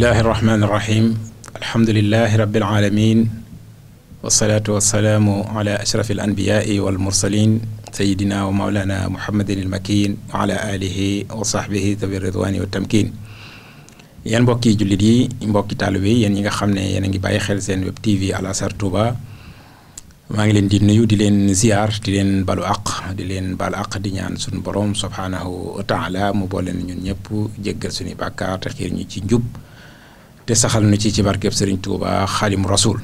bismillahi irrahmani irrahim alhamdulilahi rabbil alamin wasalaatu wasalaamu ala ashraf al anbiyaai wal mursalin sayidina wa maulana muhammadin il makin wa ala alihi wa sahbihi tawi ridwani wa tamkin yéen mbokki jullit yi mbokki taalibe yi yéen ñi nga xam ne yéen a ngi bàyyi xel seen web tv Al Azhar Touba maa ngi leen di nuyu di leen ziar di leen balu aq di leen balu aq di ñaan suñu borom subhaanahu wa taala mu boole ñun ñëpp jéggal suñu bàkkaar te xiir ñu ci njub te saxal nu ci ci barkeb Serigne Touba Xaadimu Rasuul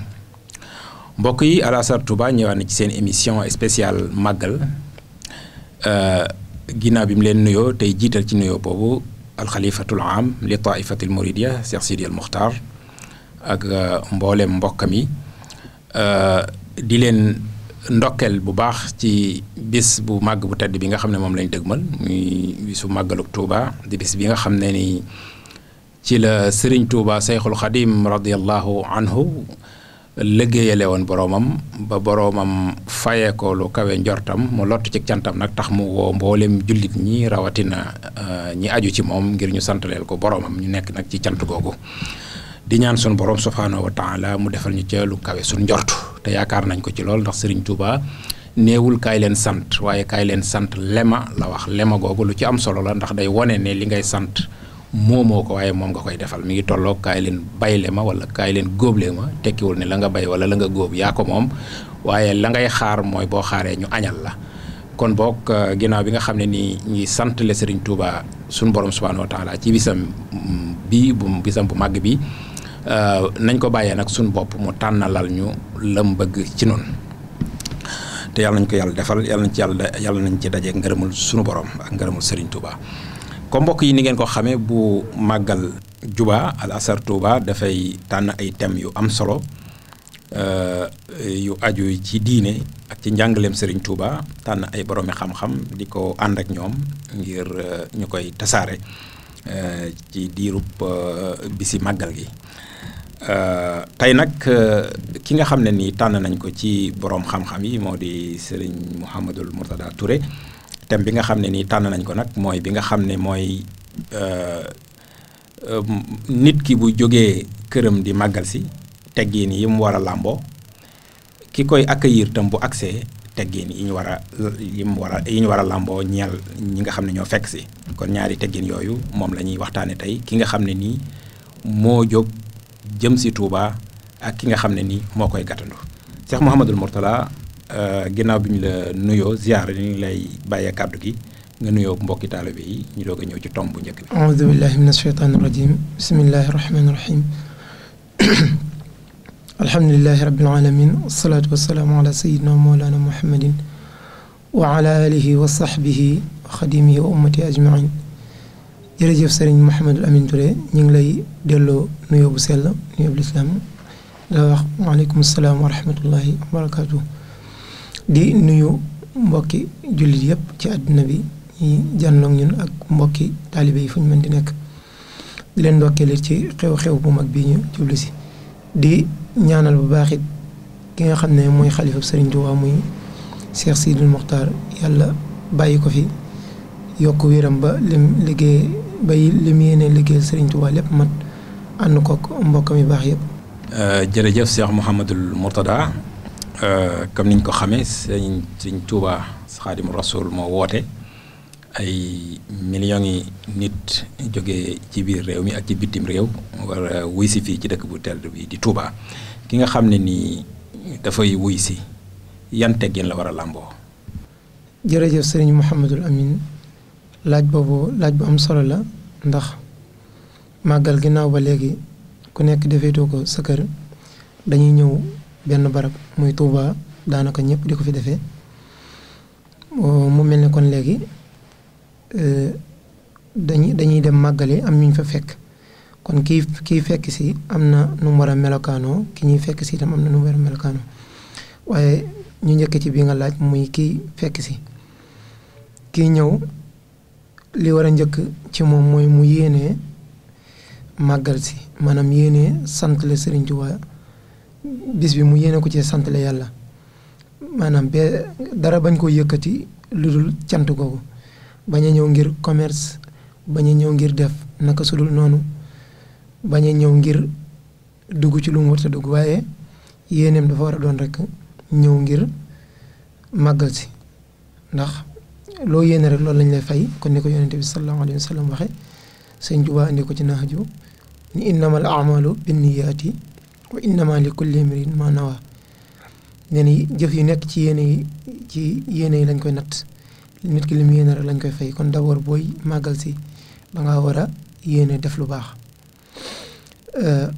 mbokk yi Alazhar Touba ñëwaat na ci seen émission spéciale màggal euh, ginnaaw bi mu leen nuyoo tey jiital ci nuyoo boobu alxalifatul am li taifatil mouridia si Sidi al Muxtaar ak euh, mboolem mbokkam yi euh, di leen ndokkeel bu baax ci bis bu màgg bu tedd bi nga xam ne moom lañ dëgmal muy bisu màggaluk Touba di bis bi nga xam ne ni. ci la Serigne Touba Seyxul Xadim radiallahu anhu liggéeyale woon boroomam ba boroomam fayee ko lu kawe njortam mu lott ci cantam nag tax mu woo mboolem jullit ñi rawatina euh, ñi aju ci moom ngir ñu sant santaleel ko boroomam ñu nekk nag ci cant googu di ñaan sun borom subhaanahu wa taala mu defal ñu ca lu kawe sun njort te yaakaar nañ ko ci lool ndax Serigne Touba néewul kaay leen sant waaye kaay leen sant lema la wax lema googu lu ci am solo la ndax day wone ne li ngay sant moomoo ko waaye moom nga koy defal mi ngi tolloo kaay leen bayle ma wala kaay leen góoble ma tekkiwul ne la nga bay wala la nga góob yaa ko moom waaye la ngay xaar mooy boo xaaree ñu añal la kon boog euh, ginnaaw bi nga xam ne nii ñuy santale le Serigne Touba suñu borom subhanahu wa taala ci bisam bi bu bisam bu màgg bi euh, nañ ko bàyyee nag suñu bopp mu tànnalal ñu lam bëgg ci noonu te yàlla nañ ko yàlla defal yàlla nañ ci yàlla yàlla nañ ci daje ngërëmul suñu borom ak ngërëmul Serigne Touba ko mbokk yi ni ngeen ko xamee bu màggal Juba Al Azhar dafay tànn ay thèmes yu am solo euh, yu aju ci diine ak ci njàngaleem Serigne Touba tànn ay boroomi xam-xam di ko ànd ak ñoom ngir euh, ñu koy tasaare euh, ci diirub bisi màggal gi tey nag ki nga xam ne nii tànn nañ ko ci boroom xam-xam yi moo di Serigne Mouhamadul Mourtada Touré. thème bi nga xam ne nii tànn nañ ko nag mooy bi nga xam ne mooy euh, euh, nit ki bu jógee këram di màggal si teggin yi mu war a làmboo ki koy accueillir tam bu accès teggin yi ñu war a yi mu war a yi ñu war làmboo ñeel ñi nga xam ne ñoo fekk si kon ñaari teggin yooyu moom la ñuy waxtaanee tey ki nga xam ne nii moo jóg jëm si Touba ak ki nga xam ne nii moo koy gàttandu Cheikh Mouhamadul Mourtala Euh, ginnaaw bi ñu la nuyoo ziar ñu lay bàyyee kàddu gi nga nuyoo mbokki taalibe yi ñu doog a ñëw ci tomb bu njëkk bi. aoudu billahi min asheytaani rajim bismillahi rahmaani rahim alhamdulilahi rabbil alamin wasalaatu wasalaamu ala sayidina wa mawlana muhammadin wa ala alihi wa sahbihi wa xadimihi wa ummati ajmain jërëjëf sëriñ Mouhamadul Amin Touré ñu ngi lay delloo nuyoo bu sell nuyoo bu lislaam la wax waaleykum salaam wa rahmatullahi wa barakatuh di nuyu mbokki jullit yëpp ci àdduna bi yi jànnoog ñun ak mbokki taalibe yi fu ñu mën di nekk di leen ci xew-xew bu mag bi ñu jublu si di ñaanal bu baaxit ki nga xam ne mooy xalifa Sëriñ Tuubaa muy Cheikh Sidil Mokhtar yàlla bàyyi ko fi yokk wéram ba lim liggéey bay lim yéene liggéeyal Sëriñ Tuubaa lépp mat ànd kook mbokk yu baax yëpp. Euh, jërëjëf Cheikh Mouhamadul Mourtada Euh, comme niñ ko xame sëñ sëñ Touba Xaadimu Rasuul moo woote ay millions yi nit jóge ci biir réew mi ak ci bitim réew war wuy si fii ci dëkk bu tedd bi di Touba ki nga xam ne nii dafay wuy si yan teggin la war a làmboo. jërëjëf sëriñ Mouhamadul Amin laaj boobu laaj bu am solo la ndax màggal ginnaaw ba léegi ku nekk defeetoo ko sa kër dañuy ñëw. benn barab muy Touba daanaka ñëpp di ko fi defee mu mel ni kon léegi euh, dañuy dañuy dem màggali am ñu fa fekk kon kii kii fekk si am na nu war a melokaanoo ki ñuy fekk si itam am na nu mu war a melokaanoo waaye ñu njëkk ci bi nga laaj muy kii fekk si ki ñëw li war a njëkk ci moom mooy mu yéene màggal si maanaam yéene sant la Sëriñ Tuubaa bis bi mu yéene ko ci santale yàlla maanaam be dara bañ koo yëkkati lu dul cant googu bañ ñëw ngir commerce bañ ñëw ngir def naka su dul noonu bañ ñëw ngir dugg ci lu mu warta dugg waaye yéeneem dafa war a doon rek ñëw ngir màggal si ndax loo yéene rek loolu lañ lay fay kon ni ko yonente bi sallallahu alayhi wa sallam waxe sëñ Tuubaa indi ko ci naaju ni innamal amalu binniyaati wa innama li kulli imrin ma nawa nee na jëf yu nekk ci yéene yi ci yéene yi lañ koy natt nit ki li mu yéene rek lañ koy fay kon d'abord booy màggal si da ngaa war a yéene def lu baax euh,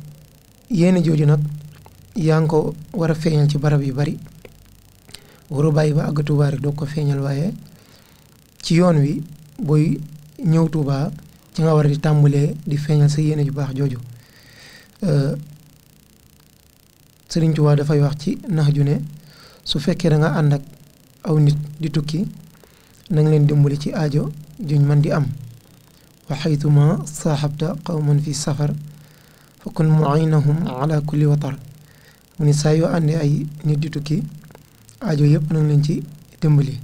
yéene jooju nag yaa ngi ko war a feeñal ci barab yu bari waru bayi ba àgg Tuubaa rek doo ko feeñal waaye ci yoon wi booy ñëw Tuubaa ci nga war a di tàmbalee di feeñal sa yéene ju baax jooju euh, Sëriñ Tuubaa dafay wax ci nax ju ne su fekkee danga nga aw nit ditukki tukki leen dimbali ci ajo juñ man di am wa xaytuma qawman fi safar fa kun muaynahum ala kulli watar mu ni saa yoo ay nit di tukki aajo yëpp nañ leen ci dimbali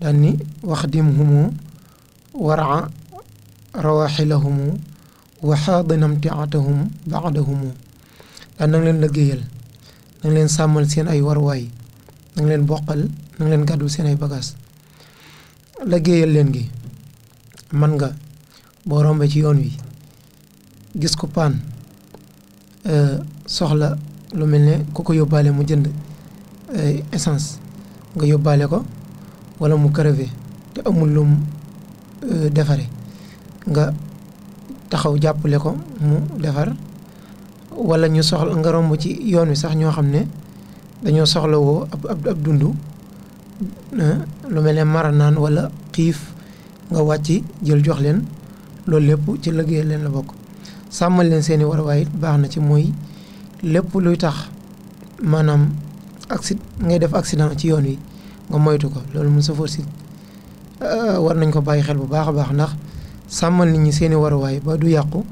daan ni wax dim humu waraa rawaaxilahumu waxaadinamtiatahum baadahum daan na leen liggéeyal na leen sàmmal seen ay warwaay na leen boqal na leen gàddu seen ay bagaas liggéeyal leen gi man nga boo rombee ci yoon wi gis ku paan eh, soxla lu mel ne ku ko yóbbaale mu jënd eh, essence nga yóbbaale ko walla mu crevé te amul lum eh, defare nga taxaw jàppale ko mu defar wala ñu soxla nga romb ci yoon wi sax ñoo xam ne dañoo soxla woo ab dundu eh, lu mel ne maranaan wala xiif nga wàcc jël jox leen loolu lépp ci liggéey leen la bokk sàmmal leen seeni warwaay baax na ci mooy lépp luy tax maanaam accident ngay def accident ci yoon wi nga moytu ko loolu mun safoor si eh, war nañ ko bàyyi xel bu baax a baax ndax sàmmal nit ñi seeni warwaay ba du yàqu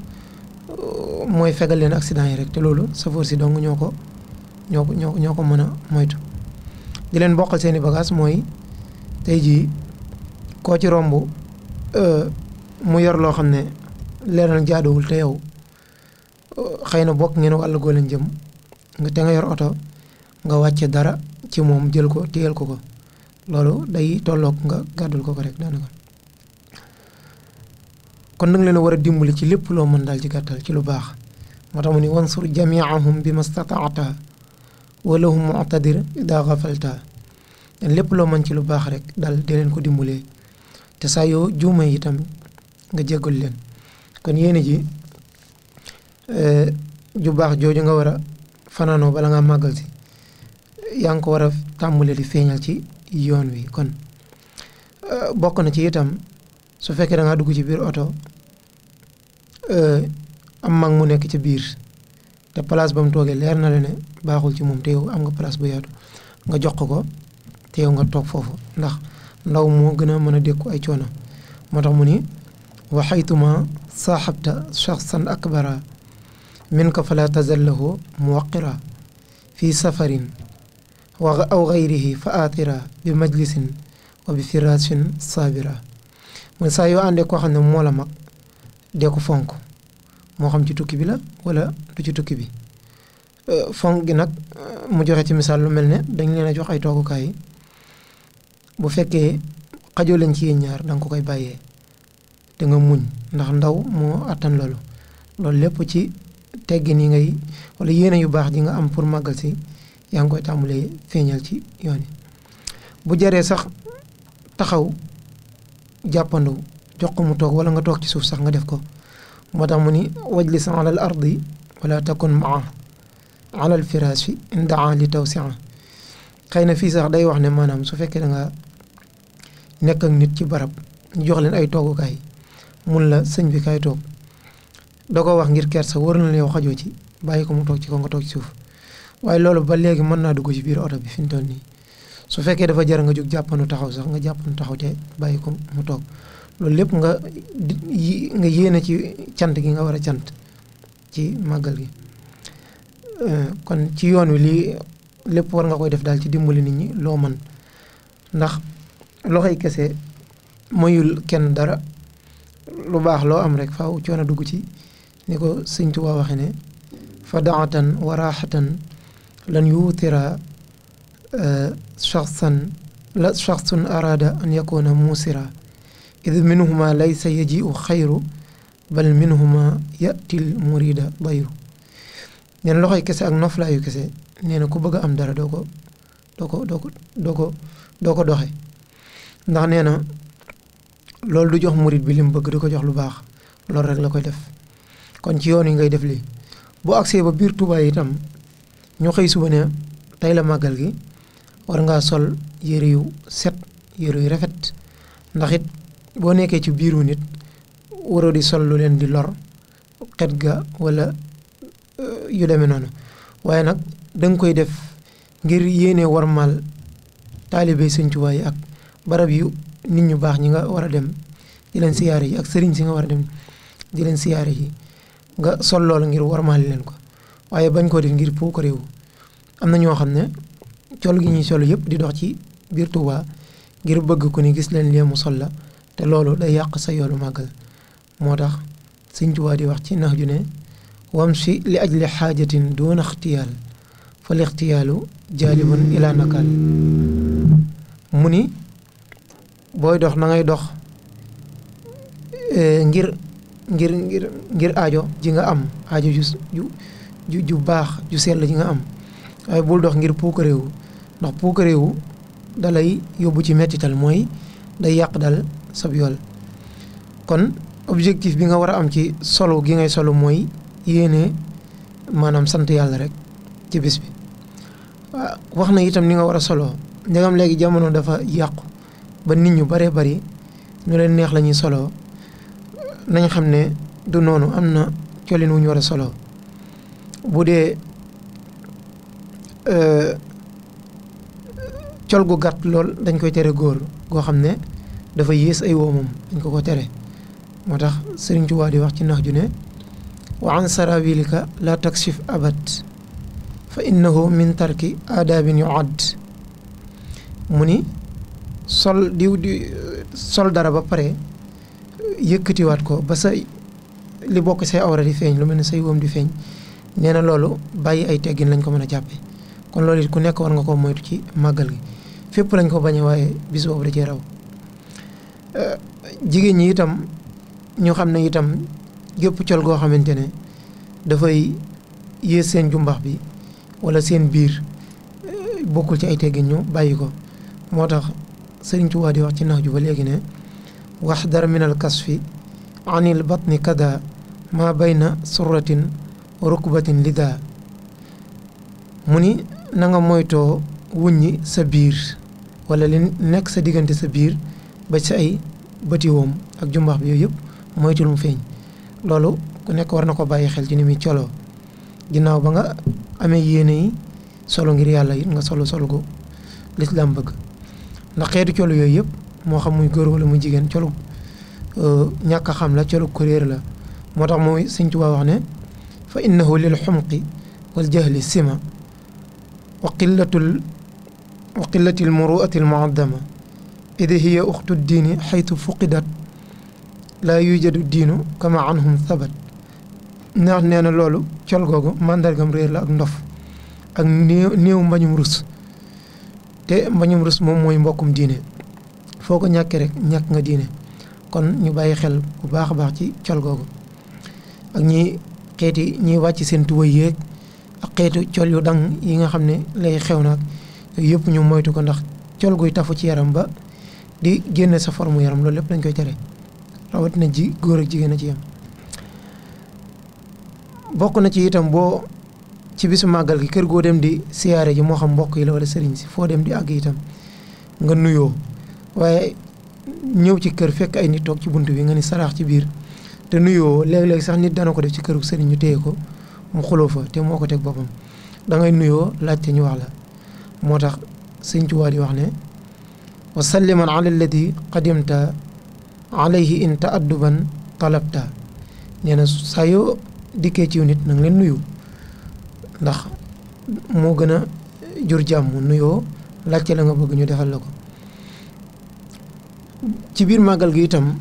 mooy fegal leen accident yi rek te loolu safoor si dong ñoo ko ñoo ko ñoo ko mën a moytu di leen bokkal seeni i mooy tey jii koo ci romb euh, mu yor loo xam ne leer na jaaduwul te yow euh, xëy na bokk ngeen wàll goo leen jëm nga te nga yor oto nga wàcce dara ci moom jël ko téyal ko ko loolu day tolloog nga gàddul ko ko rek daanaka. kon nag leen a war a dimbali ci lépp loo mën daal ci gàttal ci lu baax moo tax mu ni wansur jamiahum bi ma stataata walahum muctadir ida gafalta dan lépp loo mën ci lu baax rek daal di leen ko dimbalee te saa yoo juuma itam nga jéggal leen kon yéene ji eh, ju baax jooju nga war a fanaanoo bala nga màggal si yaa ngi ko war a tàmbalee di feeñal ci yoon wi kon eh, bokk na ci itam su fekkee da dugg ci biir oto eh, am mag mu nekk ci biir te place ba mu toogee leer na la ne baaxul ci moom te yow am nga place bu yaatu nga jox ko te yow nga toog foofu ndax ndaw moo gën a mën a dékku ay coono moo tax mu ni wa xaytuma saaxabta shaxsan akbara min ka la tazal mu muwaqira fi safarin wa aw gayrihi fa aatira bi majlisin wa bi saabira mooy saa yoo àndee koo xam ne moo la mag dee ko fonk moo xam ci tukki bi la wala du ci tukki bi fonk gi nag mu joxe ci misaal lu mel ne dañ leen a jox ay toogukaay yi bu fekkee xajoo leen ci yéen ñaar danga ko koy bàyyee te nga muñ ndax ndaw moo attan loolu loolu lépp ci teggin yi ngay wala yéene yu baax ji nga am pour màggal si yaa ngi koy tàmbalee feeñal ci yoon yi bu jaree sax taxaw jàppandu jox ko mu toog wala nga toog ci suuf sax nga def ko moo tax mu ni wajlis ala al ardi wala takun maa ala al firaas indaa li tawsia xëy na fii sax day wax ne maanaam su fekkee da nga nekk ak nit ci barab ñu jox leen ay toogukaay mun la sëñ bi kaay toog da ko wax ngir kersa wër na la yow xajoo ci bàyyi ko mu toog ci ko nga toog ci suuf waaye loolu ba léegi mën naa dugg ci biir oto bi fi mu toll nii su fekkee dafa jar nga jóg jàppanu taxaw sax nga jàppandu taxaw te bàyyi ko mu toog loolu lépp nga nga yéene ci cant gi nga war a cant ci màggal gi euh, kon ci yoon wi lii lépp war nga koy def daal ci dimbali nit ñi loo man ndax loxoy kese mayul kenn dara lu baax loo am rek faaw coono dugg ci ni ko sëñ Tuubaa waxe ne fa daatan wa raaxatan lan yuutira شخصا لا شخص أراد أن يكون موسرا إذ منهما ليس يجيء خير bal minhuma yatil murida dayru nee na loxoy kese ak noflaayu kese nee na ku bëgg am dara doo ko doo ko doo ko doxe ndax nee na loolu du jox murid bi li mu bëgg du ko jox lu baax loolu rek la koy def kon ci yoon yi ngay def lii boo agsee ba biir Tuubaa itam ñu xëy suba ne tey la màggal gi war ngaa sol yére yu set yëre yu rafet ndax it boo nekkee ci biiru nit waroo di sol lu leen di lor xet ga wala yu demee noonu waaye nag danga koy def ngir yéene warmal taalibey Sëñ Tuubaa yi ak barab yu nit ñu baax ñi nga war a dem di leen siyaare yi ak sëriñ si nga war a dem di leen siyaare yi nga sol loolu ngir warmaal leen ko waaye bañ koo def ngir puukareewu am na ñoo xam ne col gi ñuy sol yëpp di dox ci biir Touba ngir bëgg ko ni gis leen lee mu sol la te loolu day yàq sa yoolu màggal moo tax Sëñ Tuubaa di wax ci nax ju ne wamsi li ajli xaajatin doon ixtiyaal fal ixtiyaalu jaalibun ilaa nakaal mu ni booy dox na ngay dox eh, ngir ngir ngir ngir aajo ji nga am aajo ju ju ju baax ju sell ji nga am waaye bul dox ngir puukareewu ndax puukare dalay yóbbu ci mettital mooy day yàq dal sab yool kon objectif bi nga war a am ci solo gi ngay solo mooy yéene maanaam sant yàlla rek ci bis bi ah, wax na itam ni nga war a solo ndegam léegi jamono dafa yàqu ba nit ñu bare bari ñu leen neex la ñuy solo nañ xam ne du noonu am na colin wu war a solo bu dee euh, col gu gàtt lool dañ koy tere góor goo xam ne dafa yées ay woomam dañ ko ko tere moo tax Sëriñ Tuubaa di wax ci nax ju ne wa an sarawilika la taksif abad fa innahu min tarki aadaabin yuad mu ni sol diw di sol dara ba pare yëkkatiwaat ko ba sa li bokk say awra di feeñ lu mel ne say wom di feeñ nee na loolu bàyyi ay teggin lañ ko mën a jàppe kon lool it ku nekk war nga ko moytu ci màggal gi fépp lañ ko bañee waaye bis boobu da cee raw euh, jigéen ñi itam ñu xam ne itam gépp col goo xamante ne dafay yées seen jumbax bi wala seen biir euh, bokkul ci ay teggin ñu bàyyi ko moo tax Sëriñ Tuubaa di wax ci nax ju ba léegi ne wax dara minal kasfi anil ni kada ma bayna surratin rukbatin lida mu ni nanga moytoo wuññi sa biir wala li nekk sa diggante sa biir ba ci ay bëti woom ak jumbaax bi yooyu yëpp mooy moytul mu feeñ loolu ku nekk war na ko bàyyi xel ci ni muy coloo ginnaaw ba nga amee yéene yi solo ngir yàlla yit nga solo solu ko lislaam bëgg ndax xeetu colo yooyu yëpp moo xam muy góor wala mu jigéen colu euh, ñàkk xam la colu kuréer la moo tax mooy Sëñ Tuubaa wax ne fa innahu lil xumqi wal jahli sima wa wa qillati almuruati almuaddama id hiya uxtu ddiini dat fuqidat laa yujadu diinu kama anhum thabat ndax nee na loolu col googu màndargam réer la ak ndof ak néew néew mbañum rus te mbañum rus moom mooy mbokkum diine foo ko ñàkkee rek ñàkk nga diine kon ñu bàyyi xel bu baax a baax ci col googu ak ñi xeeti ñiy wàcc seen tuwa yéeg ak xeetu col yu dang yi nga xam ne lay xew naag yëpp ñu moytu ko ndax col guy tafu ci yaram ba di génne sa formu yaram loolu lépp dañ koy tere rawatina ji góor ak jigéen a ci yam bokk na ci itam boo ci bisu màggal gi kër goo dem di siyaare ji moo xam mbokk yi la wala sëriñ si foo dem di àgg itam nga nuyoo waaye ñëw ci kër fekk ay nit toog ci bunt bi nga ni saraax ci biir te nuyoo léeg-léeg sax nit dana ko def ci këru sëriñ ñu téye ko mu xuloo fa te moo ko teg boppam dangay nuyoo laajte ñu wax moo tax sëñ Tuubaa di wax ne wa salliman ala alladi qadimta alayhi in taadduban talabta nee na saa yoo dikkee ciw nit na nga leen nuyu ndax moo gën a jur jàmm nuyoo laajte la nga bëgg ñu defal la ko ci biir màggal gi itam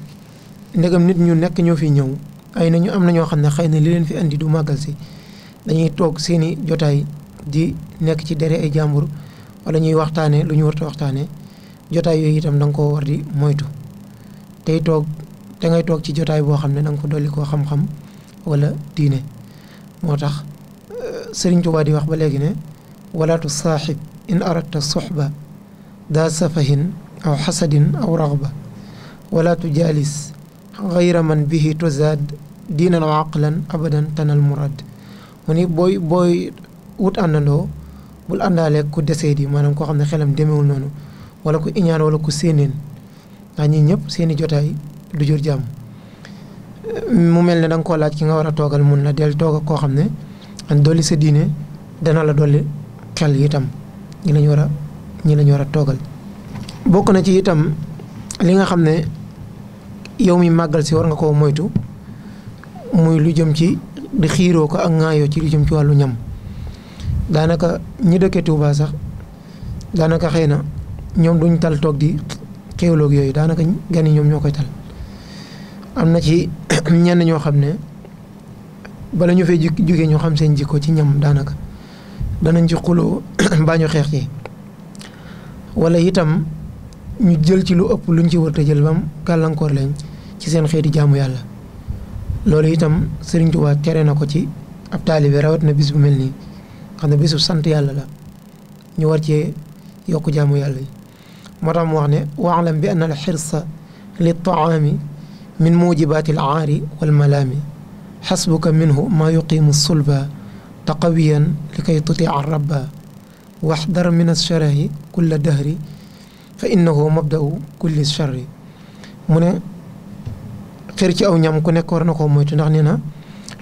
ndegam nit ñu nekk ñoo fi ñëw ay nañu am na ñoo xam ne xëy na li leen fi indi du màggal si dañuy toog seeni jotaay di nekk ci dere ay jàmbur wala ñuy waxtaanee lu ñu warta waxtaane jotaay yooyu itam da nga koo war di moytu tey toog te ngay toog ci jotaay boo xam ne danga ko dolli koo xam-xam wala diine moo tax euh, Sëriñ Tuubaa di wax ba léegi ne wala tu saaxib in aradta soxba daa safahin aw xasadin aw raxba wala tu jaalis xayra man bihi tuzaad diinan wa aqlan abadan tanal murad mu ni booy booy wut àndandoo bul àndaale ku desee di maanaam koo xam ne xelam demeewul noonu wala ku iñaan wala ku séeneen ndax ñii ñëpp seeni jotaay du jur jàmm mu mel ne da ko laaj ki nga war a toogal mun na dell toog koo xam ne dolli sa diine dana la dolli xel itam ñi lañ war a ñi lañ war a toogal bokk na ci itam li nga xam ne yow mi màggal si war nga koo moytu muy lu jëm ci di xiiroo ko ak ŋaayoo ci lu jëm ci wàllu ñam daanaka ñi dëkkee Touba sax daanaka xëy na ñoom duñ tal toog di xéwloog yooyu daanaka gan ñoom ñoo koy tal am na ci ñenn ñoo xam ne bala ñu fay jugee ñu xam seen jikko ci ñam daanaka danañ ci xuloo baa ñu xeex ci wala itam ñu jël ci lu ëpp luñ ci war a jël bam gàllankoor lañ ci seen xeeti jaamu yàlla loolu itam Sëriñ Tuubaa tere na ko ci ab taalibe rawat na bis bu mel nii xam ne bisu sant yàlla la ñu war cee yokk jaamu yàlla yi moo tax mu wax ne waalam bi an al xirsa li taami min mujibaati al aari wal malaami xasbuka minhu maa yuqimu sulba taqawiyan li kay tutia rabba waxdar min alcharahi kulla dahri fa innahu mabdau kulli charri mu ne xir ci aw ñam ku nekk war na koo moytu ndax nee na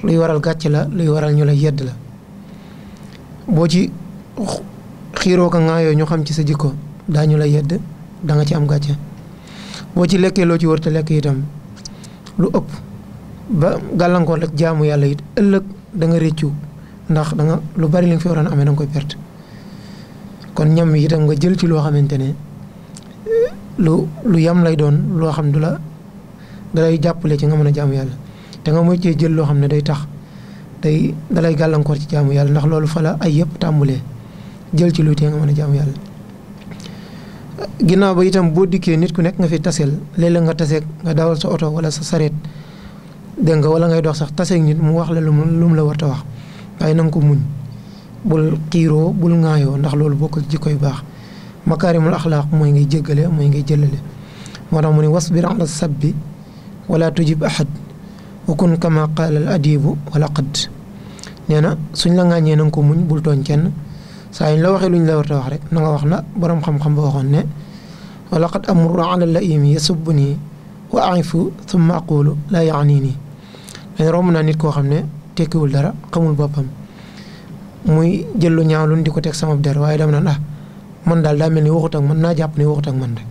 luy waral gàcc la luy waral ñu la yedd la boo ci xiiroo ko yooyu ñu xam ci sa jikko daañu la yedd danga ci am gàcce boo ci lekkee loo ci wër te lekk itam lu ëpp ba gàllankoor la jaamu yàlla it ëllëg danga nga ndax danga lu bari li nga fi waroon amee da koy perte kon ñam yi itam nga jël ci loo xamante ne lu lu yam lay doon loo xam du la da jàpp jàppale ci nga mën a jaamu yàlla te nga moy cee jël loo xam ne day tax day dalay gàllankoor ci jaamu yàlla ndax loolu fala ay yëpp tàmbulee jël ci luy tee nga a jaamu yàlla ginnaaw ba itam boo dikkee nit ku nekk nga fi taseel léeg-léeg nga taseeg nga dawal sa oto wala sa sareet dégg nga wala ngay dox sax taseeg nit mu wax la lu mu la war a wax waaye na nga ko muñ bul bul ŋaayoo ndax loolu bokkul jikko yu baax makaarimul axlaaq mooy ngay jéggale mooy ngay jëlale moo tax mu ne wasbir ala sabbi wala tujib ahad wa kun kama qaala al adibu wala qad nee na suñ la ŋàññee na ko muñ bul tooñ kenn saa yuñ la waxee luñ la war a wax rek na nga wax na borom xam-xam ba waxoon ne wala qad amru ala laimi yasubbu nii wa aifu thumma aqulu la yaanii nii romb naa nit koo xam ne tekkiwul dara xamul boppam muy jël lu ñaaw lu di ko teg sama der waaye dama naan ah man daal daa mel ni waxut ak man naa jàpp ni waxut ak man rek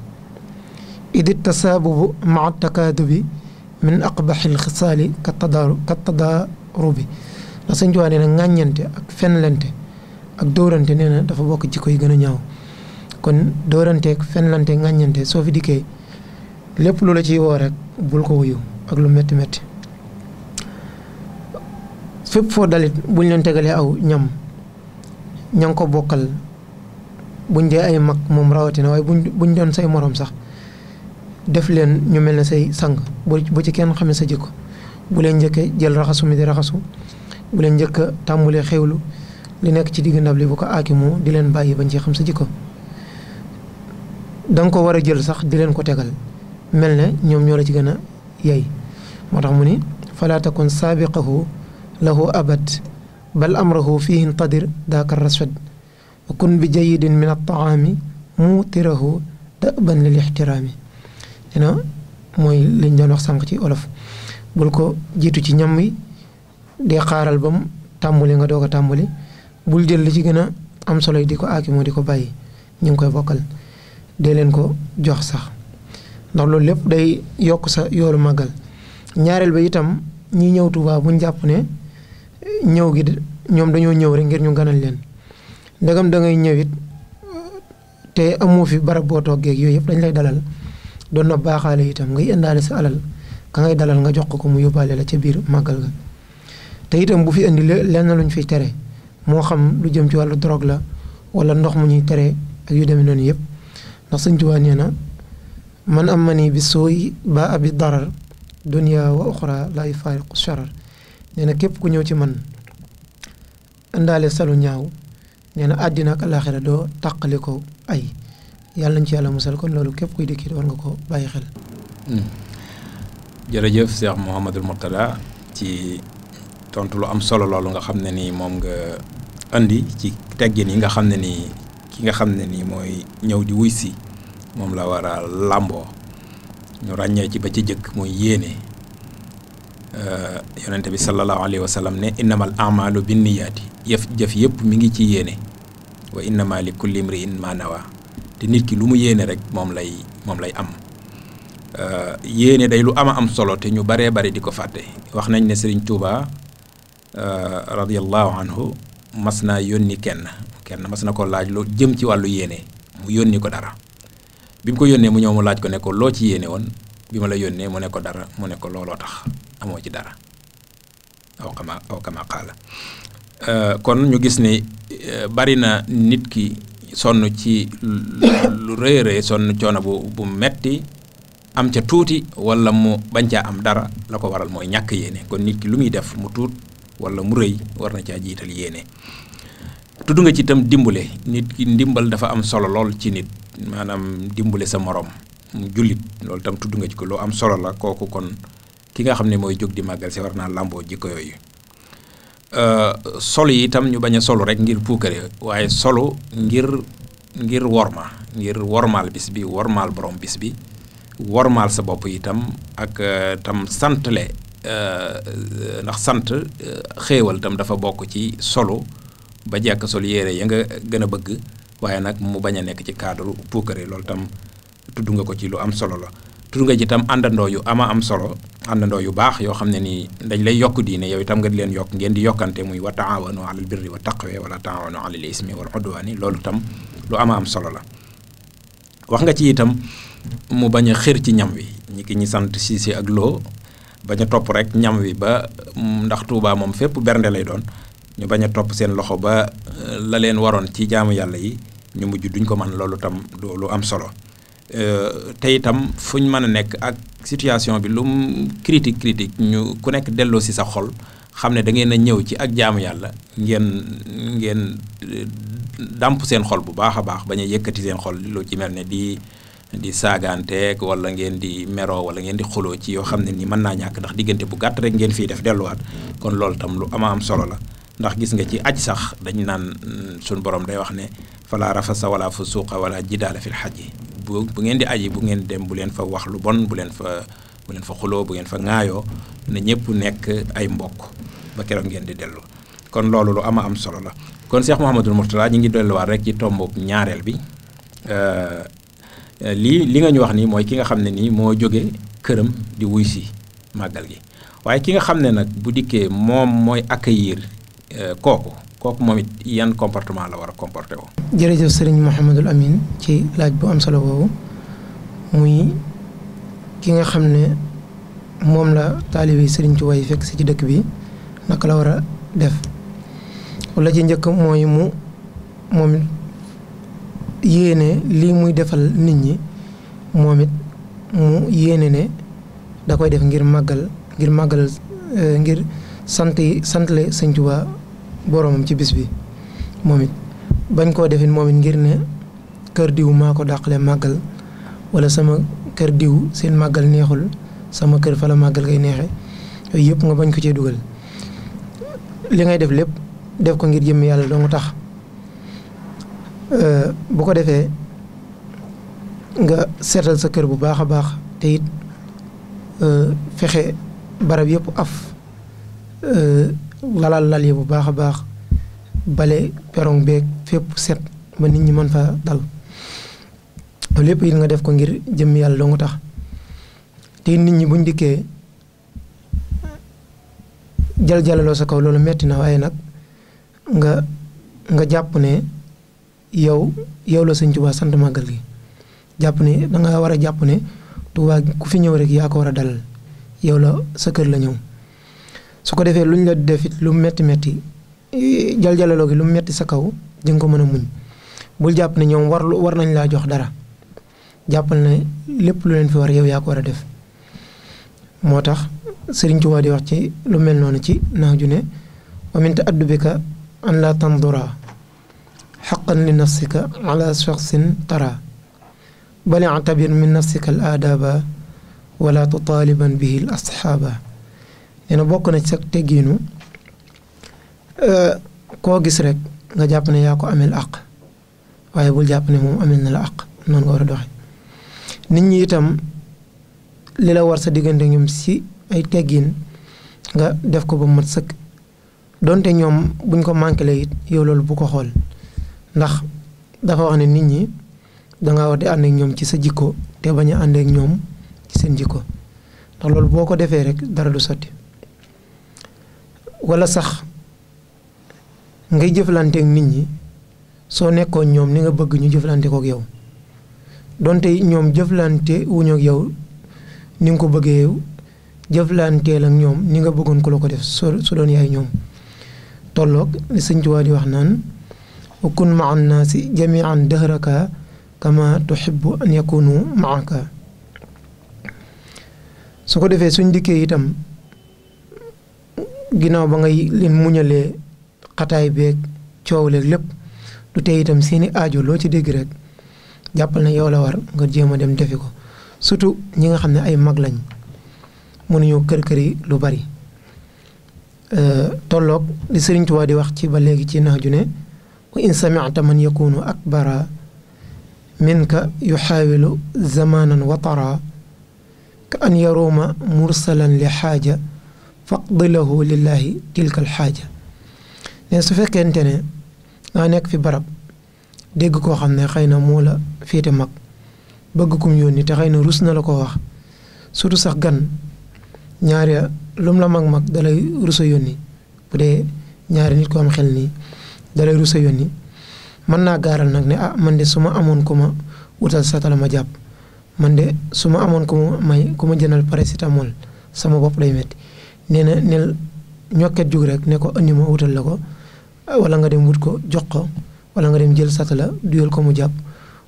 idi tasaabubu maa takaadubi min aqbaxi lxisaali ka tadaarubi ndax sëñ Tuubaa nee na ŋàññante ak fenlante ak dóorante nee na dafa bokk jikko yi gën a ñaaw kon dóoranteeg fenlante ŋàññante soo fi dikkee lépp lu la ciy woo rek bul ko wuyu ak lu metti metti fépp foo dalit buñ leen tegalee aw ñam ña ngi ko bokkal buñ dee ay mag moom rawatina waaye buñ buñ doon say morom sax def leen ñu mel ne say sang bu ci kenn xamee sa jikko bu leen njëkkee jël raxasu mi di raxasu bu leen njëkk a tàmbulee xewlu li nekk ci digg ndab li bu ko aakimu di leen bàyyi bañ ci xam sa jikko danga ko war a jël sax di leen ko tegal mel na ñoom ñoo la ci gën a yey moo tax mu ni falaa takun saabiqahu lahu abad bal amrahu fihi ntadir daaka rasfad wa kun bi jayidin min altaami muutirahu daban lil ixtiraami dina mooy liñ doon sànq ci olof bul ko jiitu ci ñam wi di xaaral ba mu tàmbali nga doog a tàmbali bul jël li ci gën a am solo di ko aakimoo di ko bàyyi ñu ngi koy bokkal de leen ko jox sax ndax loolu lépp day yokk sa yoolu màggal ñaareel bi itam ñi ñëw Tuubaa buñ jàpp ne ñëw gi ñoom dañoo ñëw rek ngir ñu ganal leen ndegam dangay ngay ñëw it te amoo fi barab boo toggee yooyu yëpp dañ lay dalal doon na baaxaale itam ngay indaale sa alal ka ngay dalal nga jox ko mu yóbbaale la ca biir màggal ga te itam bu fi indi lenn luñ fiy tere moo xam lu jëm ci wàllu drogue la wala ndox mu ñuy tere ak yu demee noonu yëpp ndax Sëñ Tuubaa nee na man am mani bi sooy ba abi darar dunya wa uxra la yufaariqu charar nee na képp ku ñëw ci man indaale salu ñaaw nee na àddina ak alaaxira doo tàqali ko ay yàlla nañ ci yàlla musal kon loolu képp kuy dikki war nga ko bàyyi xel. Hmm. jërëjëf Cheikh Mouhamadul Mourtada ci. tontu lu am solo loolu nga xam ne nii moom nga andi ci teggin yi nga xam ne ni ki nga xam ne nii mooy ñëw di wuy si moom la war a làmboo ñu ràññee ci ba ci jëkk mooy yéene euh, yonente bi sallallahu alayhi wa sallam ne innamal amalu binniyaati yëf jëf yëpp mi ngi ci yéene wa innama li kulli imri'in ma te nit ki lu mu yéene rek moom lay moom lay am euh, yéene day lu ama am solo te ñu baree bari di ko fàtte wax nañ ne Serigne Touba Euh, radiyallahu anhu mas naa yónni kenn kenn mas na ko laaj lu jëm ci wàllu yéene mu yónni ko dara bi mu ko yónnee mu ñëw mu laaj ko ne ko loo ci yéene woon bi ma la yónnee mu ne ko dara mu ne looloo tax amoo ci dara aw kama aw euh, kon ñu gis ne euh, bari na nit ki sonn ci lu rëy a sonn coono bu metti am ca tuuti wala mu bañ caa am dara la ko waral mooy ñàkk yéene kon nit ki lu muy def mu tuut wala mu rëy war na caa jiital yéene. tudd nga ci itam dimbale nit ki ndimbal dafa am solo lool ci nit maanaam dimbale sa moroom mu jullit loolu tam tudd nga ci ko loo am solo la kooku kon ki nga xam ne mooy jóg di màggal si war naa làmboo jikko yooyu. Euh, sol yi itam ñu bañ a solo rek ngir puukare waaye solo ngir ngir worma ngir wormaal bis bi wormaal borom bis bi wormaal sa bopp itam ak euh, tam santale Euh, euh, ndax sant euh, xéewal tam dafa bokk ci solo ba jekk sol yére ya nga gën a bëgg waaye nag mu bañ a nekk ci cadre puukare loolu tam tudd nga ko ci lu am solo la tudd nga ci tam àndandoo yu ama am solo àndandoo yu baax yoo xam ne nii dañ lay yokk diine yow itam nga di leen yokk ngeen di yokkante muy wa taawanu alal birri wa taqwe wala taawanu alal ismi wal udwaani loolu tam lu ama am solo la wax nga ci itam mu bañ a xër ci ñam wi ñi ki ñi sant siise ak loo bañ a topp rek ñam wi ba ndax Touba moom fépp bernde lay doon ñu bañ a topp seen loxo ba euh, la leen waroon ci jaamu yàlla yi ñu mujj duñ ko mën loolu tam du lu am solo euh, te itam fuñ mën a nekk ak situation bi lu mu critique ñu ku nekk delloo si sa xol xam ne da ngeen a ñëw ci ak jaamu yàlla ngeen ngeen euh, dàmp seen xol bu baax a baax bañ a yëkkati seen xol lu ci mel ne di. di saagaanteeg wala ngeen di meroo wala ngeen di xuloo ci yoo xam ne ni mën naa ñàkk ndax diggante bu gàtt rek ngeen fii def delluwaat kon loolu tam lu ama am solo la ndax gis nga ci aj sax dañ naan mm, suñ borom day wax ne fala rafasa wala fusuqa wala jidaala fil xaji bu bu ngeen di aji bu ngeen dem bu leen fa wax lu bon bu leen fa bu leen fa xuloo bu ngeen fa ŋaayoo na ñëpp nekk ay mbokk ba keroog ngeen di dellu kon loolu lu ama am solo la kon Cheikh Mouhamadul Mourtala ñu ngi delluwaat rek ci tombub ñaareel bi euh, lii li nga ñu wax nii mooy ki nga xam ne nii moo jóge këram di wuyu si màggal gi waaye ki nga xam ne nag bu dikkee moom mooy yiir euh, kooku kooku moom it yan comportement la war a comporté woo. jërëjëf sëriñ Mouhamadul Amin ci laaj bu am solo boobu muy ki nga xam ne moom la taalibi sëriñ ci yi fekk ci dëkk bi naka la war a def wala ci njëkk mooy mu moom yéene lii muy defal nit ñi moom it mu yéene ne da koy def ngir màggal ngir màggal euh, ngir sant santle sëñ Tuubaa boroomam ci bis bi moom it bañ koo defit moomit ngir ne kër diw maa ko dàqale màggal walla sama kër diw seen màggal neexul sama kër fa la màggal kay neexe yooyu yëpp nga bañ ko cee dugal li ngay def lépp def ko ngir jëmm yàlla doo nga tax Euh, bu ko defee nga seetal sa kër bu baax a baax te euh, fexe barab yépp af euh, lalal lal yi bu baax a baax bale perong beeg fépp set ba nit ñi mën fa dal loolu yëpp it nga def ko ngir jëm yàlla doo nga tax te nit ñi buñ dikkee jal jalaloo sa kaw loolu metti na waaye nag nga nga jàpp ne yow yow la sëñ Tuubaa sant màggal gi jàpp ni da nga war a jàpp ne Tuubaa ku fi ñëw rek yaa ko war a dalal yow la sa kër la ñëw su ko defee lu luñ la def lu metti metti jaljalaloo gi lu metti sa kaw di ko mën a muñ bul jàpp ne ñoom war war nañ laa jox dara jàppal na lépp lu leen fi war yow yaa ko war a def moo tax Sëriñ Tuubaa di wax ci lu mel noonu ci naaju ju ne wa min ta'addubika an laa tandura xaqan li nafsika ala shaxsin tara bal i'tabir min nafsika al aadaaba wala tutaaliban bihi al asxaaba nee na bokk na ci sag teggiinu euh, koo gis rek nga jàpp na yaa ko amel àq waaye bul jàpp ne moom amel na la àq noonu nga war a doxe nit ñi itam li la war sa diggante ñoom si ay teggiin nga def ko ba mat sëkk donte ñoom buñ ko manqué la it yow loolu bu ko xool ndax dafa wax ne nit ñi danga war di ànd ak ñoom ci sa jikko te bañ a ànd ak ñoom ci seen jikko ndax loolu boo ko defee rek dara du sotti wala sax ngay jëflanteek nit ñi soo nekkoon ñoom ni nga bëgg ñu jëflante kook yow donte ñoom jëflante wuñu yow ni nga ko bëggee yow jëflanteel ñoom ni nga bëggoon ku la ko def su doon yaay ñoom tollook li sëñ di wax naan wa kun si nnaasi jamian dëhraka kama tuxibu an yakunu maaka su ko defee suñ dikkee itam ginnaaw ba ngay leen muñalee xataay beeg coow leeg lépp du tey itam seeni aajo loo ci dégg rek jàppal na yow la war nga jéem a dem defi ko surtout ñi nga xam ne ay mag lañ mënuñu kër kër yi lu bari tolloog li Sëriñ Tuubaa di wax ci ba léegi ci naaju ne wa in samicta man yakunu akbara minka yuxaawilu zamanan watara ka an yaruuma mursalan li xaaja faqdilahu lillahi tilka alxaaja ne su fekkente ne nga nekk fi barab dégg koo xam ne xëy na moo féete mag bëgg kum yónni te xëy na rus na la ko wax surtout sax gan ñaari lum la mag mag dalay rusa yónni bu dee ñaari nit ko xel nii dalay yoon yónni mën naa gaaral nag ne ah man de su ma amoon ku ma wutal satala ma jàpp man de su ma amoon ku ma may ku ma jëndal paracétamol sama bopp day metti nee na nel ñokket jug rek ne ko andi ma wutal la ko wala nga dem wut ko jox ko wala nga dem jël satala duyal ko mu jàpp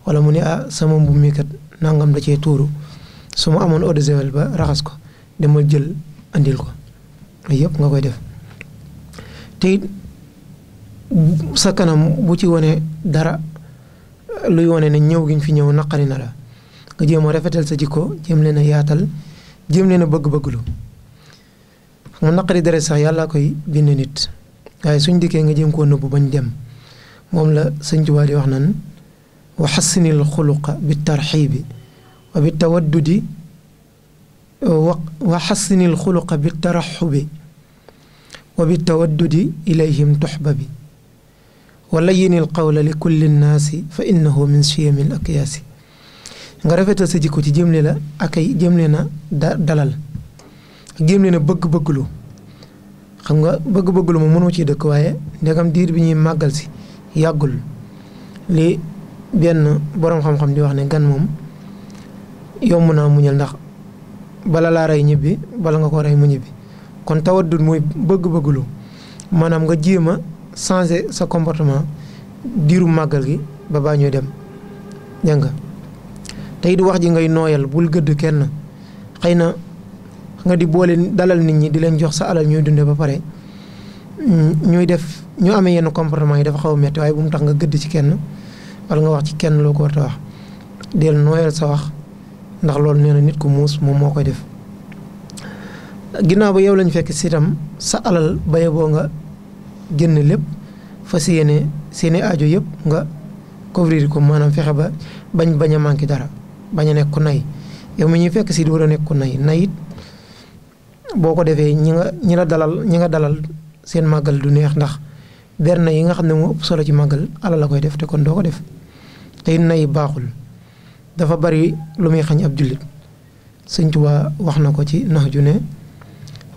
wala mu ne ah sama mbubb mi kat nangam da cee tuuru su ma amoon eau ba raxas ko demal jël andil ko yépp nga koy def te sa kanam bu ci wane dara luy wone ne ñëw giñ fi ñëw naqari na la nga jéem a rafetal sa jikko jéem leen a yaatal jéem leen a bëgg-bëgglu mu naqari deret sax yàlla koy bind nit waaye suñ dikkee nga jéem koo nëbbu bañ dem moom la sëñ Tuubaa di wax nan wa xassinil xuluqa bi tarxiibi wa bi tawaddudi bi tawaddudi ilayhim tuxba bi wa layyinil qawla li kulli naasi fa innahu min siyamil akyaasi nga rafetal sa jikko ci jëmle la ak ay jëmle na dalal ak jëmle na bëgg-bëgglu xam nga bëgg-bëgglu ma mënoo ci dëkk waaye ndegam diir bi ñuy màggal si yàggul li benn boroom xam-xam di wax ne gan moom yomb naa muñal ndax bala laa rey ñibbi bala nga ko rey mu ñibbi kon tawaddut mooy bëgg-bëgglu maanaam nga jéema changer sa comportement diiru màggal gi ba baa ñuy dem dégg nga tey du wax ji ngay nooyal bul gëdd kenn xëy na nga di boole dalal nit ñi di leen jox sa alal ñuy dunde ba pare mm, ñuy def ñu amee yenn comportement yi dafa xaw a metti waaye bu mu tax nga gëdd ci kenn wala nga wax ci kenn loo ko war a wax del nooyal sa wax ndax loolu nee na nit ku muus moom moo koy def ginnaaw ba yow lañu fekk si itam sa alal baye nga génn lépp fas yéene seeni ajo yëpp nga couvrir ko maanaam fexe ba bañ bañ a manqué dara bañ nekku nay yow mi ñuy fekk si di war a nekk nay nayit boo ko defee ñi nga ñi la dalal ñi nga dalal seen màggal du neex ndax berne yi nga xam ne moo ëpp solo ci màggal ala la koy def te kon doo ko def te nay baaxul dafa bari lu muy xañ ab jullit Sëñ Tuubaa wax na ko ci nax ju ne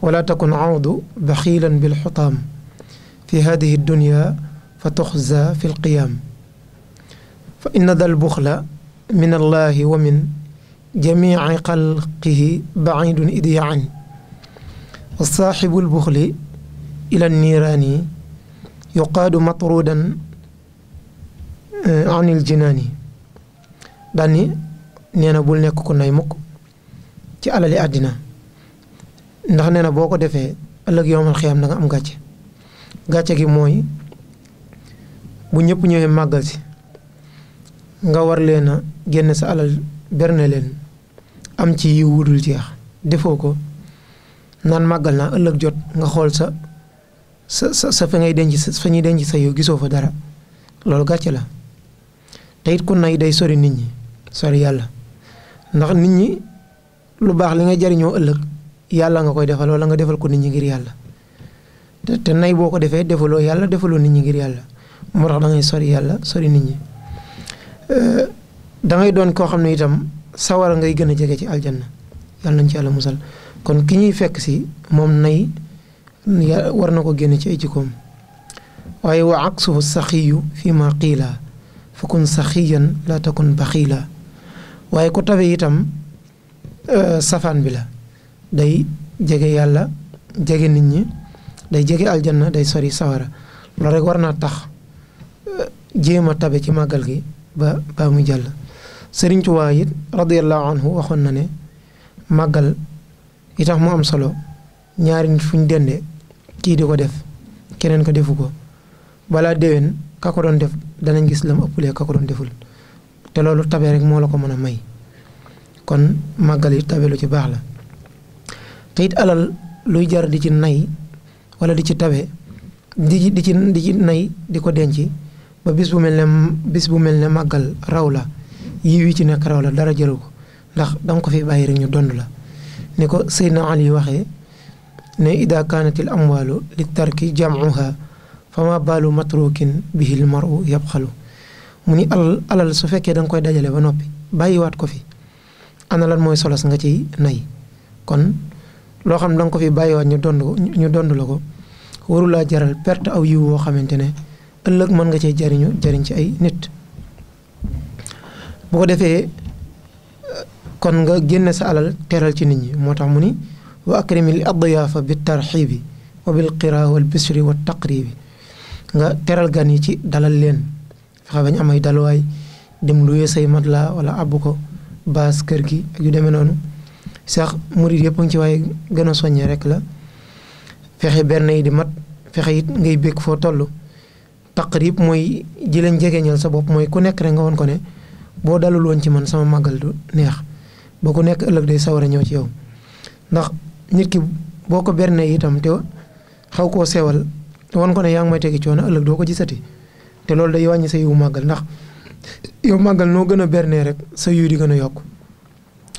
wala takun awdu baxiilan bil xutaam fi hadihi dunya fa tuxza fi lqiyaam fa inna dal buxla min allahi wa min jamici xalqihi bacidun id yacan wa saaxibu lbuxli ila niiraani yuqaadu matruudan an iljinaani daani nee na bul nekk ku nay mukk ci alali àddina ndax nee na boo ko defee ëllëg yowmal xiyaam da nga am gàcce gàcce gi mooy bu ñëpp ñëwee màggal si nga war leen a génn sa alal berne leen am ci yiw wudul jeex defoo ko naan màggal naa ëllëg jot nga xool sa sa sa sa fa ngay denc fa ñuy denc sa yow gisoo fa dara loolu gàcce la te it ku yi day sori nit ñi sori yàlla ndax nit ñi lu baax li nga jariñoo ëllëg yàlla nga koy defal wala nga defal ko nit ñi ngir yàlla te nay boo ko defee defaloo yàlla defaloo nit ñi ngir yàlla moo tax da ngay sori yàlla sori nit ñi da doon koo xam ne itam sawar ngay gën a jege ci aljanna yàlla nañ ci yàlla musal kon ki ñuy fekk si moom nay war na ko génne ci ay jikkoom waaye wa aksuhu saxiyu fi ma qiila fa kun saxiyan la takun baxiila waaye ko tabe itam safaan bi la day jege yàlla jege nit ñi day jege aljanna day sori sawara loolu rek war naa tax euh, jéem a tabe ci màggal gi ba ba muy jàll Sëriñ Tuubaa it radiyallahu anhu waxoon na ne màggal yi tax mu am solo ñaariñ fuñ fu dende kii di ko def keneen ko defu ko balaa déwén ka ko doon def danañ gis lam ëppulee ka ko doon deful te loolu tabe rek moo la ko mën a may kon màggal yi tabe lu ci baax la te it alal luy jar di ci nay wala di ci tabe di di ci di ci nay di ko denc ba bis bu mel ne bis bu mel ne màggal raw la yi wi ci nekk raw la dara jëru ko ndax danga ko fi bàyyi rek ñu dond la ni ko Seydina Ali waxee ne ida kaanatil amwaalu li tarki jamcuha fama baalu matrukin bihil maru yabxalu mu ni alal alal su fekkee danga koy dajale ba noppi bàyyiwaat ko fi ana lan mooy solos nga ci nay kon loo xam ne da nga ko fi bàyyiwaat ñu dond ñu dond la ko warulaa jaral perte aw yiw woo xamante ne ëllëg mën nga cee jariñu jariñ ci ay nit bu ko defee kon nga génne sa alal teral ci nit ñi moo tax mu ni wa akrimil adyaafa bi tarxiibi wa bil qiraa wal bisri wa taqribi nga teral gan yi ci dalal leen fexe bañ amay daluwaay dem luyee say mat la wala abbu ko baas kër gi ak yu demee noonu sax murid yëpp a ngi ci waaye gën a soññee rek la fexe berne yi di mat fexe it ngay bég foo toll taqrib mooy ji leen jegeñal sa bopp mooy ku nekk rek nga woon ko ne boo dalul woon ci man sama màggal du neex ba ku nekk ëllëg day sawar a ñëw ci yow ndax nit ki boo ko berne itam te xaw koo sewal won ko ne yaa ngi may tegi coono ëllëg doo ko ci gisati te loolu day wàññi sa yiwu màggal ndax yow màggal noo gën a berne rek sa yiw di gën a yokk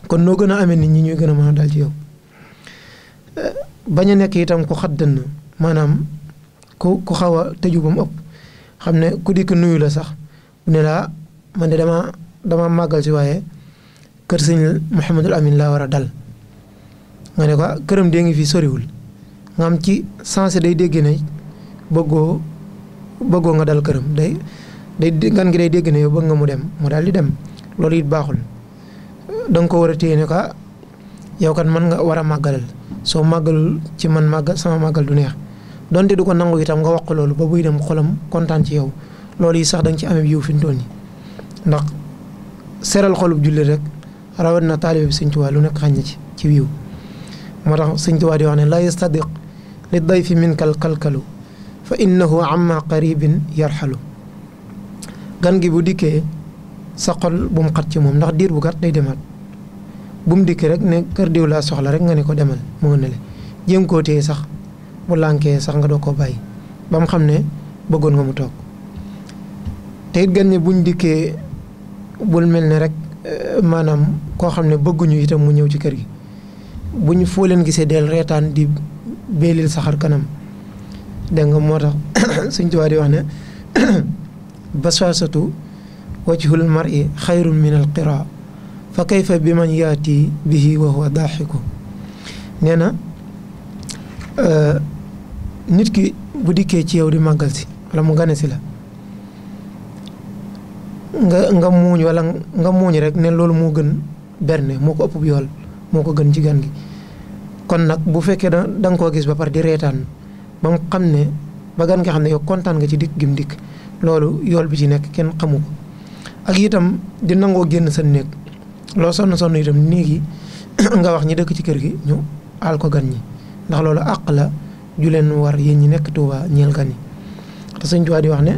kon noo gën a amee nit ñi ñuy gën a mën a dal ci yow eh, bañ a nekk itam ku xat dënn maanaam ku ku xaw a tëju ba mu ëpp xam ne ku dikk nuyu la sax ne laa man de dama dama màggal si waaye kër sëñ Mouhamadul Amin laa war a dal nga ne ko ah, këram dee ngi fi soriwul nga ci sensé day dégg ne bëggoo bëggoo nga dal këram day day gan gi day dégg ne bëgg nga mu dem mu daal di dem loolu it baaxul. da nga ko war a téye ne ko ah, yow kat man nga war a màggalal soo màggalul ci man màggal sama màggal du neex donte du ko nangu itam nga wax ko loolu ba buy dem xolam kontaan ci yow loolu yi sax da ci amee yiw fi mu toll nii ndax seral xolub jullit rek rawat na taalibe bi Sëñ Tuubaa lu nekk xañ na ci ci yiw moo tax Sëñ Tuubaa di wax ne la yastadiq li dayfi minkal kalkalu fa innahu amma qaribin yarxalu gan gi bu dikkee sa xol bu mu xat ci moom ndax diir bu gàtt day demaat bu mu dikk rek ne kër diw laa soxla rek nga ne ko demal moo ne le jéem sax bu lànkee sax nga doo ko bàyyi ba mu xam ne bëggoon nga mu toog te it buñ dikkee bul mel ne rek euh, maanaam koo xam ne bëgguñu itam mu ñëw ci kër gi buñ foo leen gisee del reetaan di beelil saxar kanam dégg nga moo tax suñ tubaab di wax ne basaasatu wajhul mar'i xayrun min al qiraa fa kayfa bi man yaati bihi wa huwa daaxiku nee na nit ki bu dikkee ci yow di màggal si wala mu gane si la nga nga muuñ wala nga muuñ rek ne loolu moo gën berne moo ko ëpp yool moo ko gën ci gan gi kon nag bu fekkee da nga koo gis ba par di reetaan ba mu xam ne ba gan nga xam ne yow kontaan nga ci dikk gim dikk loolu yool bi ci nekk kenn xamu ko ak itam di nangoo génn sa néeg loo sonn sonn itam néeg yi nga wax ñi dëkk ci kër gi ñu aal ko gan ñi ndax loolu àq la ju leen war yi ñi nekk Tuuba ñeel gan yi Sëñ Tuubaa di wax ne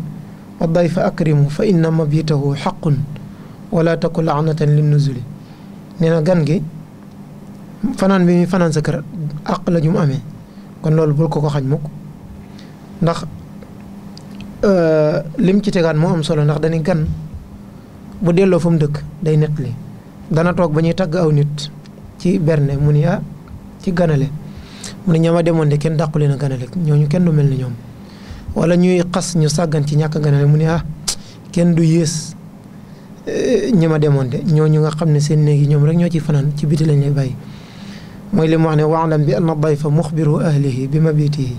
wa dayfa akrimu fa inna mabitahu xaqun wala taku laanatan lin nuzuli nee na gan gi fanaan bi muy fanaan sa kër àq la ju mu amee kon loolu bul ko ko xañ mukk ndax euh, lim ci tegaan moo am solo ndax dañuy gan bu delloo fa mu dëkk day nettali dana toog ba ñuy tagg aw nit ci berne mu ni ah ci ganale mu ne ñama demoon de kenn dàqu leen a ganale ñooñu kenn du mel ni ñoom wala ñuy xas ñu sàggan ci ñàkk a ganale mu ne ah kenn du yées eh, demoon de ñooñu nga xam ne seen néegi ñoom rek ñoo ci fanaan ci biti lañ lay bàyyi mooy li wax ne waalam bi anna dayfa muxbiru ahlihi bi mabitihi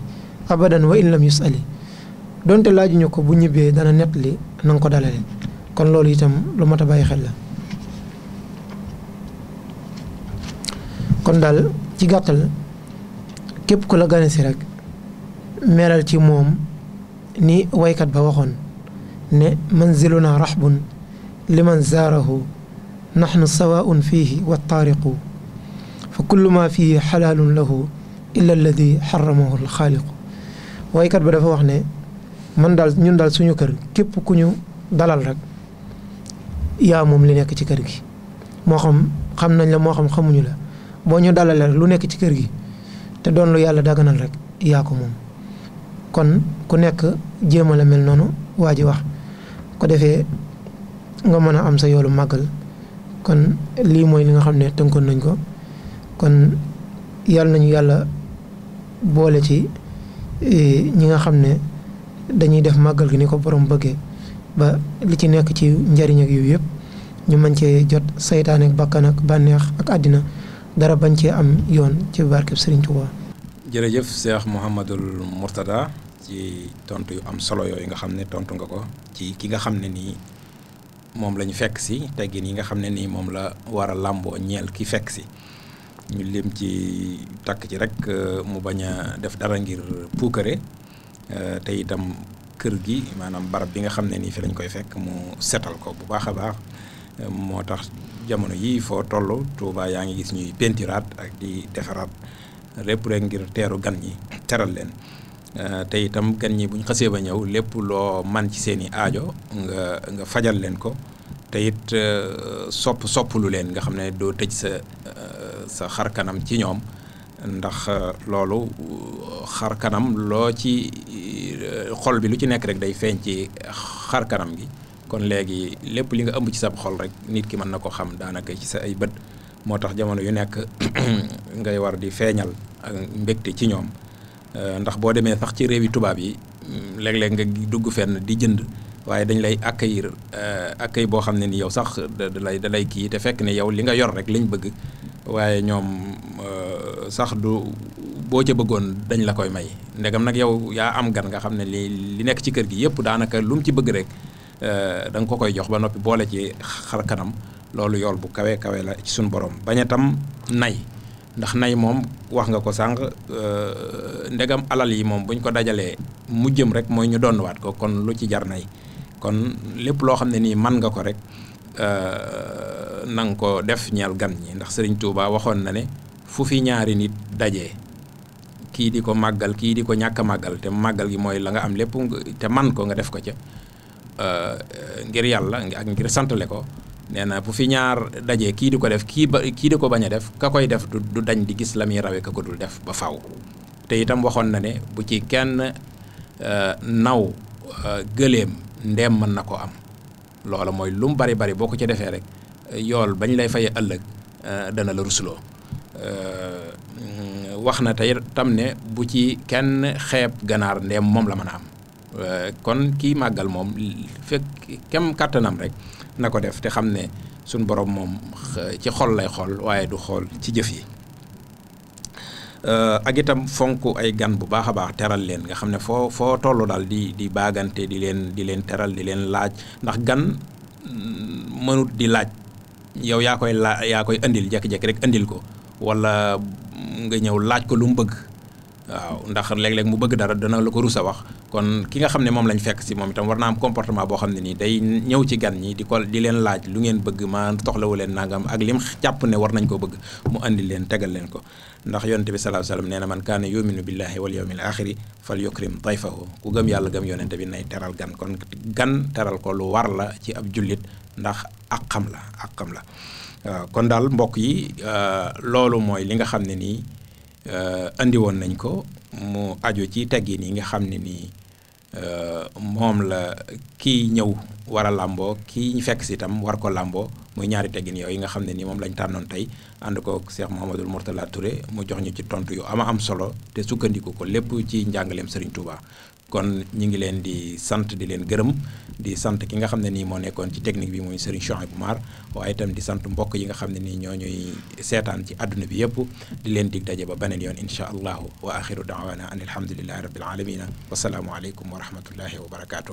abadan wa in lam yusali donte laajuñu ko bu ñibbee dana nettali na nga ko dalale kon loolu itam lu mat a bàyyi xel la kon daal ci gàttal képp ku la gane si rek meeral ci moom ni waykat ba waxoon ne manziluna rahbun liman zaarahu naxnu sawaun fiihi wa taariqu fa kullu ma fiihi xalaalun lahu illa alladi xaramahu alxaaliqu waykat ba dafa wax ne man daal ñun daal suñu kër képp ku ñu dalal rek yaa moom li nekk ci kër gi moo xam xam nañ la moo xam xamuñu la boo ñu dalalee rek lu nekk ci kër gi te doon lu yàlla daganal rek yaa ko moom kon ku nekk jéem a mel noonu waa ji wax ko defee nga mën a am sa yoolu màggal kon lii mooy li nga xam ne tënkoon nañ ko kon yàlla nañu yàlla boole ci eh, ñi nga xam ne dañuy def màggal gi ni ko borom bëggee ba li ci nekk ci njariñ ak yooyu yëpp ñu mën cee jot saytaan ak bakkan ak bànneex ak àddina dara bañ cee am yoon ci barkeb Sëriñ Tuubaa jërëjëf Cheikh Mouhamadul Mourtada ci tontu yu am solo yooyu nga xam ne tontu nga ko ci ki nga xam ne nii moom la ñu fekk si teggin yi nga xam ne nii moom la war làmboo ñeel ki fekk si ñu lim ci takk ci rek euh, mu bañ a def dara ngir puukare euh, te itam kër gi maanaam barab bi nga xam ne nii fi lañ koy fekk mu setal ko bu baax a baax moo tax jamono yii foo toll Touba yaa ngi gis ñuy pentiraat ak di defaraat lépp rek ngir teeru gan ñi teral leen euh, te itam gan ñi buñ xasee ba ñëw lépp loo man ci seen i aajo nga nga fajal leen ko te it sopp euh, sopp lu leen nga xam ne doo tëj sa euh, sa xar kanam ci ñoom ndax euh, loolu xar kanam loo ci euh, xol bi lu ci nekk rek day feeñ ci xar kanam gi kon léegi lépp li nga ëmb ci sab xol rek nit ki mën na ko xam daanaka ci sa ay bët moo tax jamono yu nekk ngay war di feeñal ak ci ñoom euh, ndax boo demee sax ci réew yi tubaab yi mm, léeg-léeg nga dugg fenn di jënd waaye dañ lay accueillir accueil boo xam ne ni yow sax dalay lay da kii te fekk ne yow li nga yor rek lañ bëgg waaye ñoom sax du boo ca bëggoon dañ la koy may ndegam nag yow yaa am gan nga xam ne li li nekk ci kër gi yëpp daanaka lum ci bëgg rek euh, da nga ko koy jox ba noppi boole ci xar kanam loolu yool bu kawe kawe la ci suñu borom bañ a tam nay ndax nay moom wax nga ko sànq euh, ndegam alal yi moom buñ ko dajalee mu jëm rek mooy ñu donnuwaat ko kon lu ci jar nay kon lépp loo xam ne nii man nga ko rek euh, na nga ko def ñeel gan ñi ndax Sëriñ Tuubaa waxoon na ne fu fi ñaari nit daje kii di ko màggal kii di ko ñàkk a màggal te màggal gi mooy la nga am lépp te man ko nga def ko ca euh, euh, ngir yàlla ak ngir santale ko nee na bu fi ñaar daje kii di ko def kii ba kii di ko bañ a def ka koy def du dañ di gis la muy rawe ka ko dul def ba faw te itam waxoon na ne bu ci kenn euh, naw gëléem ndeem mën na ko am loola mooy lu bari bari boo ko ci defee rek yool bañ lay faye ëllëg dana la rusuloo Euh, wax na tey tam ne bu ci kenn xeeb ganaar ndeem moom la mën a am euh, kon kii màggal moom fekk kem kàttanam rek na ko def te xam ne suñ borom moom ci xol lay xool waaye du xool ci jëf yi euh, ak itam fonk ay gan bu baax a baax teral leen nga xam ne foo foo toll daal di di baagante di leen di leen teral di leen laaj ndax gan mm, mënut di laaj yow yaa koy laa yaa koy indil jekki-jekki rek indil ko wala nga ñëw laaj ko lu mu bëgg waaw ndax léeg-léeg mu bëgg dara dana la ko rus a wax kon ki nga xam ne moom lañ fekk si moom itam war naa am comportement boo xam ne nii day ñëw ci gan ñi di ko leen laaj lu bëgg maa toxlawu leen nangam ak lim jàpp ne war nañ ko bëgg mu andi leen tegal leen ko ndax yonent bi sallallahu nee na man kaana yuminu billahi wal yawmil axiri fal yukrim dayfahu ku gëm yàlla gëm yonent bi nay teral gan kon gan teral ko lu war la ci ab jullit ndax ak xam la ak xam la waaw kon daal mbokk yi euh, loolu mooy li nga xam ne nii euh, andi woon nañ ko mu ajo ci teggin yi nga xam ne nii euh, moom la kii ñëw war a làmboo kii ñu fekk si itam war ko làmboo muy ñaari teggin yooyu nga xam ne ni moom lañ tànnoon tey ànd ko Cheikh Mouhamadul Mourtala Touré mu jox ñu ci tontu yu ama am solo te sukkandiku ko lépp ci njàngaleem Serigne Touba. kon ñu ngi leen di sant di leen gërëm di sant ki nga xam ne nii moo nekkoon ci technique bi muy Serigne bu maar waaye itam di sant mbokk yi nga xam ne nii ñoo ñuy seetaan ci àdduna bi yëpp di leen dig daje ba beneen yoon incha allahu wa axiru daawana an alhamdulillahi rabbil alamina wasalaamu aleykum wa rahmatullahi wa barakaatuh.